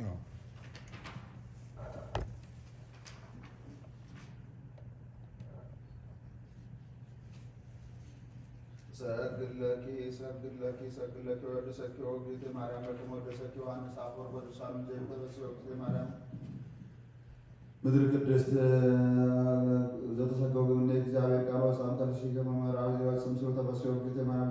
No. سأدلك سأدلك سأدلك وأدرسك وأجريت مريم لكم وأدرسك وأنا سافر وأدرسان جيبت وأدرسك مريم ምድር ቅድስት ዘተሰገው ግን እግዚአብሔር ቃል ሳንተ ሽገ መምህር አብዚዋ ስምስሎ ተፈስዮ ጊዜ ማርያም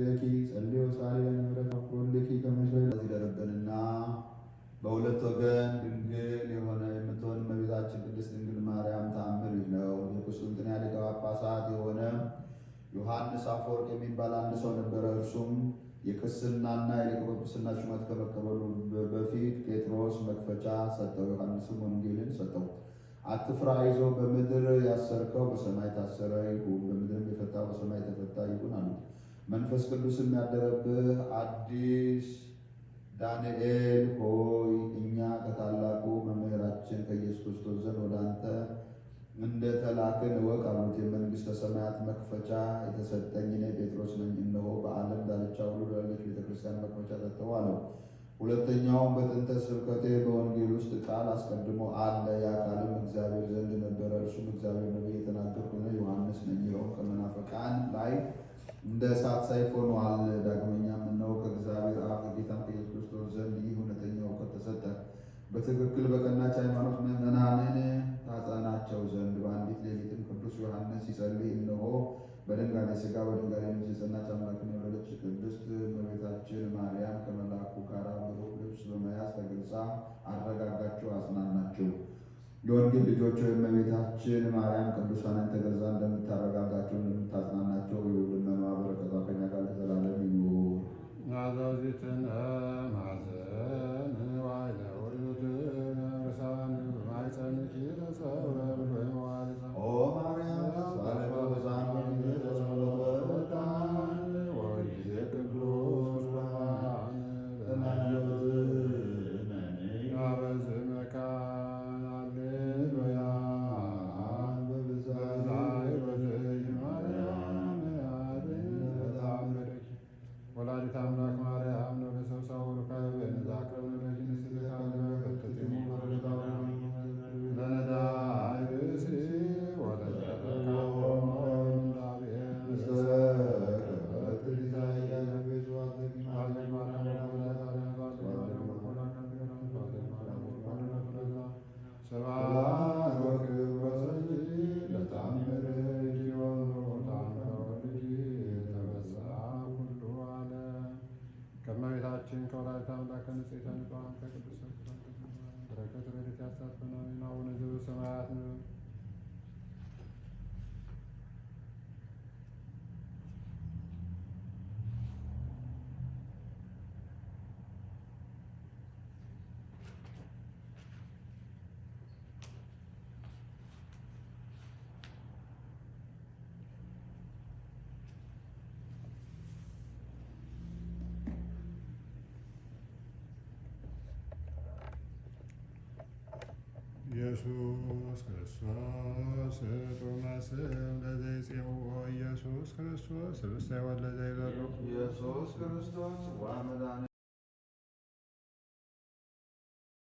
ምስሌኪ ጸልዮ ሳሌ ምረት ኮልኪ ከመሸ ይደርብንና በሁለት ወገን ድንግል የሆነ የምትሆን እመቤታችን ቅድስት ድንግል ማርያም ታምር ነው። የቁስጥንጥንያ ሊቀ ጳጳሳት የሆነ ዮሐንስ አፈወርቅ የሚባል አንድ ሰው ነበረ። እርሱም የቅስናና የሊቀ ጵጵስና ሹመት ከመቀበሉ በፊት ጴጥሮስ መክፈቻ ሰጠው፣ ዮሐንስም ወንጌልን ሰጠው። አትፍራ፣ ይዞ በምድር ያሰርከው በሰማይ ታሰረ ይሁን፣ በምድርም የፈታ በሰማይ ተፈታ ይሁን አሉት። መንፈስ ቅዱስ የሚያደረብህ አዲስ ዳንኤል ሆይ እኛ ከታላቁ መምህራችን ከኢየሱስ ክርስቶስ ዘንድ ወደ አንተ እንደ ተላክን እወቅ አሉት። የመንግሥተ ሰማያት መክፈቻ የተሰጠኝ እኔ ጴጥሮስ ነኝ። እነሆ በዓለም ዳርቻ ሁሉ ላለች ቤተክርስቲያን መክፈቻ ሰጠው አለው። ሁለተኛውም በጥንተ ስብከቴ በወንጌል ውስጥ ቃል አስቀድሞ አለ። ያ ቃልም እግዚአብሔር ዘንድ ነበረ፣ እርሱም እግዚአብሔር ነው የተናገርኩ ዮሐንስ ነኝ። ይኸውም ከመናፍቃን ላይ እንደ እሳት ሰይፍ ሆኗል ዳግመኛም እነሆ ከእግዚአብሔር አብ ጌታ ከኢየሱስ ክርስቶስ ዘንድ ይህ እውነተኛ እውቀት ተሰጠ፣ በትክክል በቀናች ሃይማኖት ምዕመናንን ታጸናቸው ዘንድ። በአንዲት ሌሊትም ቅዱስ ዮሐንስ ሲጸልይ እነሆ በድንጋሌ ሥጋ በድንጋሌ ነፍስ የጸናች አምላክን የወለደች ቅድስት እመቤታችን ማርያም ከመላኩ ጋር ብሩህ ልብስ በመያዝ ተገልጻ አረጋጋቸው፣ አጽናናቸው። የወንጌል ልጆች እመቤታችን ማርያም ቅዱሳንን ተገልጻ እንደምታ हमारे हम लोग सब सब उनका 嗯。ኢየሱስ ክርስቶስ ቶማስ ለዘይጼዎ ኢየሱስ ክርስቶስ ኅብስተ ወለዘይበሉ ኢየሱስ ክርስቶስ ዋመዳነ